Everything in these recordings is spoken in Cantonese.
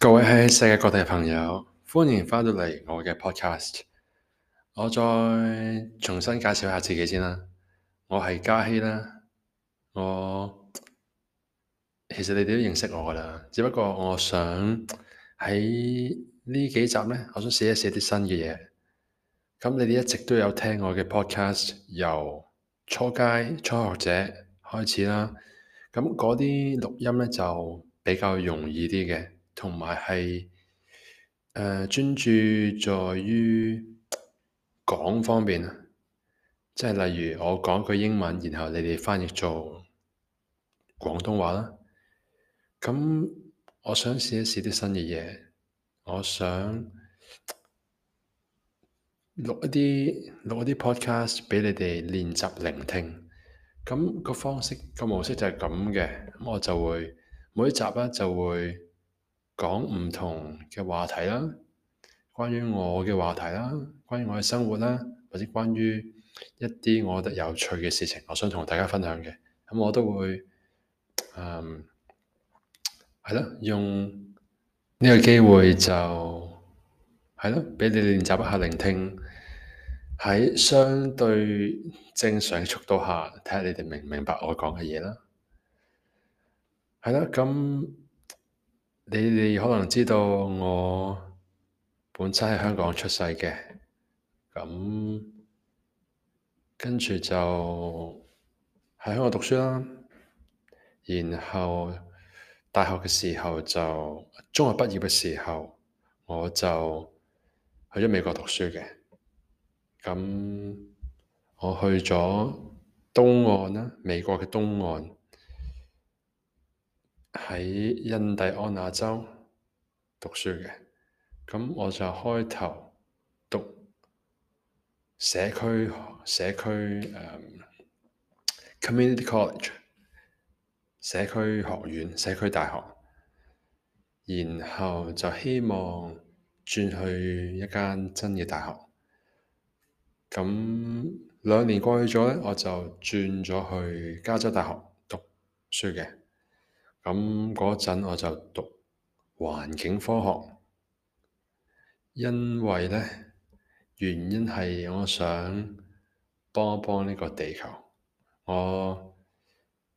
各位喺世界各地嘅朋友，歡迎翻到嚟我嘅 podcast。我再重新介紹下自己先啦。我係嘉熙啦。我其實你哋都認識我噶啦，只不過我想喺呢幾集咧，我想寫一寫啲新嘅嘢。咁你哋一直都有聽我嘅 podcast，由初階初學者開始啦。咁嗰啲錄音咧就比較容易啲嘅。同埋係誒專注在於講方面啊，即係例如我講句英文，然後你哋翻譯做廣東話啦。咁我想試一試啲新嘅嘢，我想錄一啲錄一啲 podcast 俾你哋練習聆聽。咁個方式個模式就係咁嘅，咁我就會每一集呢就會。講唔同嘅話題啦，關於我嘅話題啦，關於我嘅生活啦，或者關於一啲我覺得有趣嘅事情，我想同大家分享嘅，咁、嗯、我都會，嗯，係咯，用呢個機會就係咯，畀你練習一下聆聽，喺相對正常嘅速度下，睇下你哋明唔明白我講嘅嘢啦，係啦，咁。你哋可能知道我本身喺香港出世嘅，咁跟住就喺香港讀書啦，然後大學嘅時候就中學畢業嘅時候，我就去咗美國讀書嘅，咁我去咗東岸啦，美國嘅東岸。喺印第安納州讀書嘅，咁我就開頭讀社區社區、um, community college 社區學院社區大學，然後就希望轉去一間真嘅大學。咁兩年過去咗咧，我就轉咗去加州大學讀書嘅。咁嗰陣我就讀環境科學，因為呢原因係我想幫一幫呢個地球。我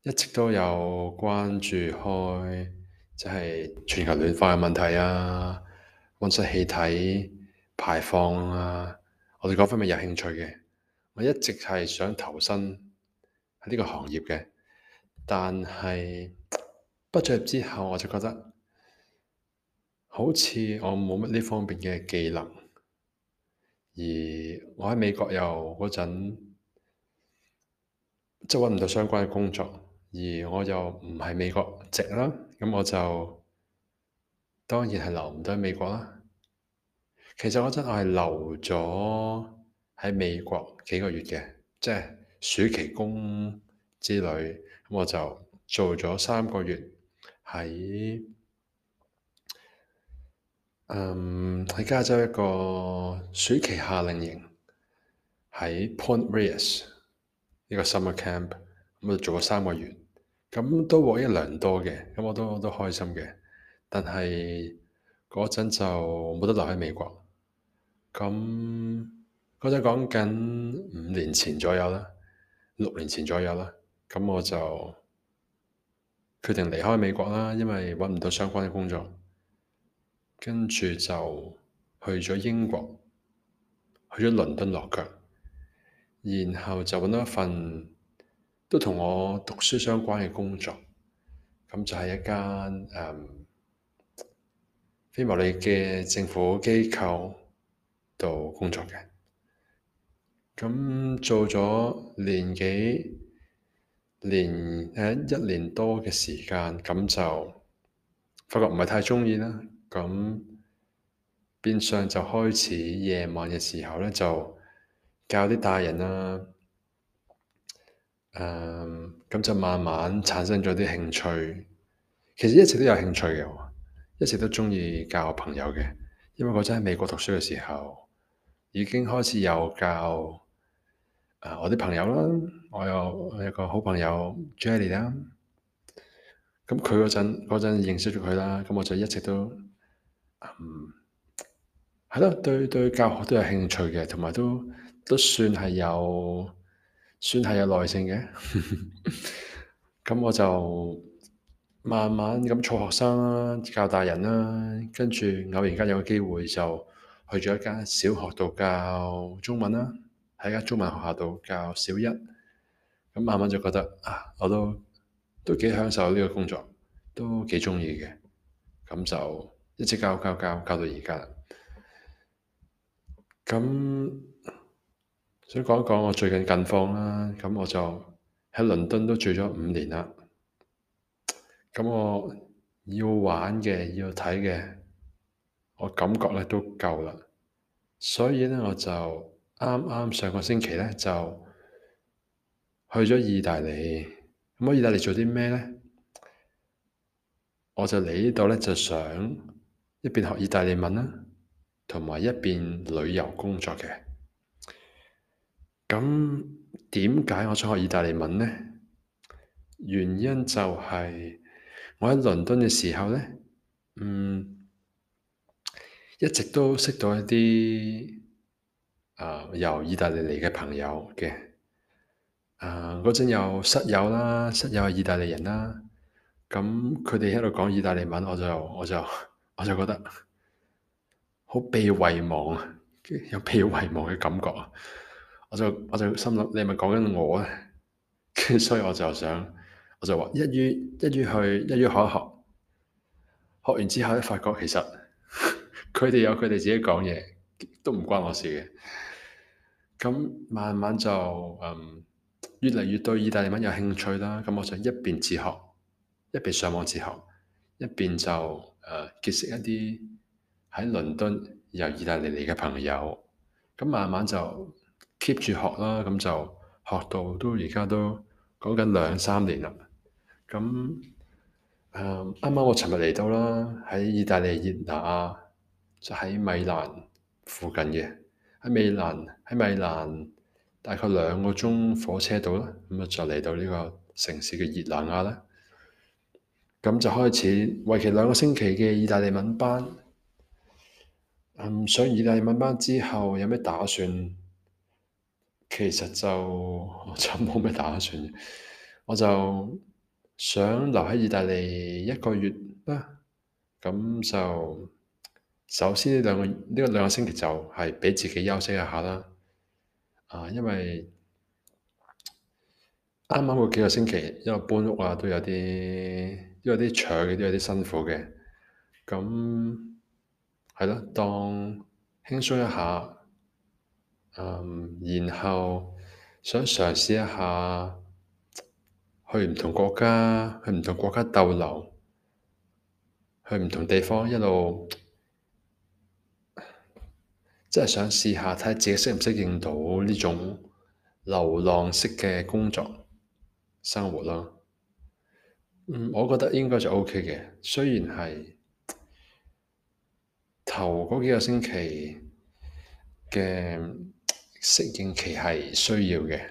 一直都有關注開即係全球暖化嘅問題啊、溫室氣體排放啊。我對嗰方面有興趣嘅，我一直係想投身喺呢個行業嘅，但係，畢咗業之後，我就覺得好似我冇乜呢方面嘅技能，而我喺美國又嗰陣即係揾唔到相關嘅工作，而我又唔係美國籍啦，咁我就當然係留唔到喺美國啦。其實嗰陣我係留咗喺美國幾個月嘅，即係暑期工之類，咁我就做咗三個月。喺、嗯、加州一個暑期夏令營、yes, 嗯，喺 Point Reyes 呢個 summer camp，咁啊做咗三個月，咁、嗯、都獲益良多嘅，咁、嗯、我都都開心嘅。但係嗰陣就冇得留喺美國，咁嗰陣講緊五年前左右啦，六年前左右啦，咁、嗯、我就，決定離開美國啦，因為揾唔到相關嘅工作，跟住就去咗英國，去咗倫敦落腳，然後就揾到一份都同我讀書相關嘅工作，咁就係一間誒、um, 非牟利嘅政府機構度工作嘅，咁做咗年幾？年一年多嘅時間，咁就發覺唔係太鍾意啦。咁變相就開始夜晚嘅時候咧，就教啲大人啦。嗯，咁就慢慢產生咗啲興趣。其實一直都有興趣嘅，一直都鍾意教我朋友嘅。因為嗰陣喺美國讀書嘅時候，已經開始有教啊我啲朋友啦。我有一個好朋友 Jenny 啦，咁佢嗰陣嗰陣認識咗佢啦，咁我就一直都嗯，係咯，對對教學都有興趣嘅，同埋都都算係有算係有耐性嘅。咁 我就慢慢咁湊學生啦，教大人啦，跟住偶然間有個機會就去咗一間小學度教中文啦，喺間中文學校度教小一。咁慢慢就覺得啊，我都都幾享受呢個工作，都幾鍾意嘅。咁、嗯、就一直教教教教到而家啦。咁、嗯、想講一講我最近近況啦。咁、嗯、我就喺倫敦都住咗五年啦。咁、嗯、我要玩嘅，要睇嘅，我感覺咧都夠啦。所以咧，我就啱啱上個星期咧就，去咗意大利，咁喺意大利做啲咩咧？我就嚟呢度咧，就想一邊學意大利文啦，啊，同埋一邊旅遊工作嘅。咁點解我想學意大利文咧？原因就係我喺倫敦嘅時候咧，嗯，一直都識到一啲啊、呃、由意大利嚟嘅朋友嘅。啊！嗰陣、嗯、有室友啦，室友係意大利人啦，咁佢哋喺度講意大利文，我就我就我就覺得好被遺忘啊，有被遺忘嘅感覺啊，我就我就心諗你係咪講緊我咧？跟 住所以我就想，我就話一於一於去一於學一學，學完之後咧，發覺其實佢 哋有佢哋自己講嘢，都唔關我事嘅。咁慢慢就嗯。越嚟越對意大利文有興趣啦，咁我就一邊自學，一邊上網自學，一邊就誒結識一啲喺倫敦由意大利嚟嘅朋友，咁慢慢就 keep 住學啦，咁就學到都而家都講緊兩三年啦，咁誒啱啱我尋日嚟到啦，喺意大利熱那，就喺米蘭附近嘅，喺米蘭，喺米蘭。大概兩個鐘火車到啦，咁啊就嚟到呢個城市嘅熱那亞啦。咁就開始，為期兩個星期嘅意大利文班。嗯。上意大利文班之後有咩打算？其實就我就冇咩打算，我就想留喺意大利一個月啦。咁就首先呢兩個呢個兩個星期就係畀自己休息一下啦。啊，因為啱啱嗰幾個星期一路搬屋啊，都有啲，因為啲長嘅都有啲辛苦嘅，咁係咯，當輕鬆一下，嗯，然後想嘗試一下去唔同國家，去唔同國家逗留，去唔同地方一路。真係想試下睇下自己適唔適應到呢種流浪式嘅工作生活咯。嗯，我覺得應該就 OK 嘅。雖然係頭嗰幾個星期嘅適應期係需要嘅，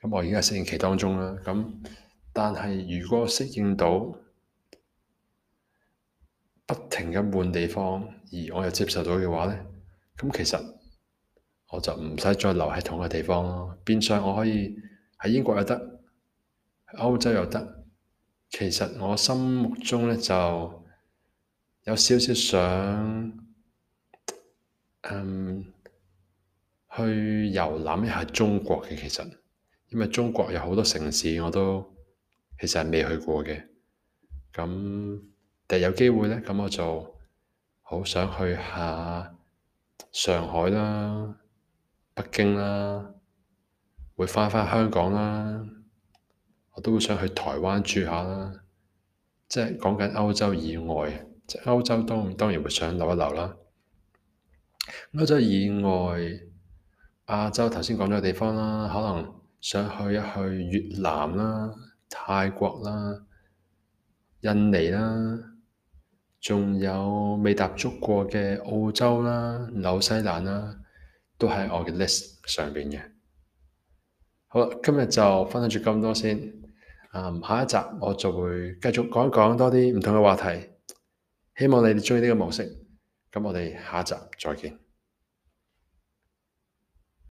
咁我而家喺適應期當中啦。咁但係如果適應到不停嘅換地方，而我又接受到嘅話咧？咁其實我就唔使再留喺同一個地方咯，變相我可以喺英國又得，喺歐洲又得。其實我心目中咧就有少少想，嗯，去遊覽一下中國嘅。其實因為中國有好多城市我都其實係未去過嘅，咁第日有機會咧，咁我就好想去下。上海啦，北京啦，會翻返香港啦，我都會想去台灣住下啦。即係講緊歐洲以外，即係歐洲當然當然會想留一留啦。歐洲以外，亞洲頭先講咗嘅地方啦，可能想去一去越南啦、泰國啦、印尼啦。仲有未踏足過嘅澳洲啦、紐西蘭啦，都喺我嘅 list 上邊嘅。好啦，今日就分享住咁多先。啊、嗯，下一集我就會繼續講一講多啲唔同嘅話題。希望你哋鍾意呢個模式。咁我哋下一集再見。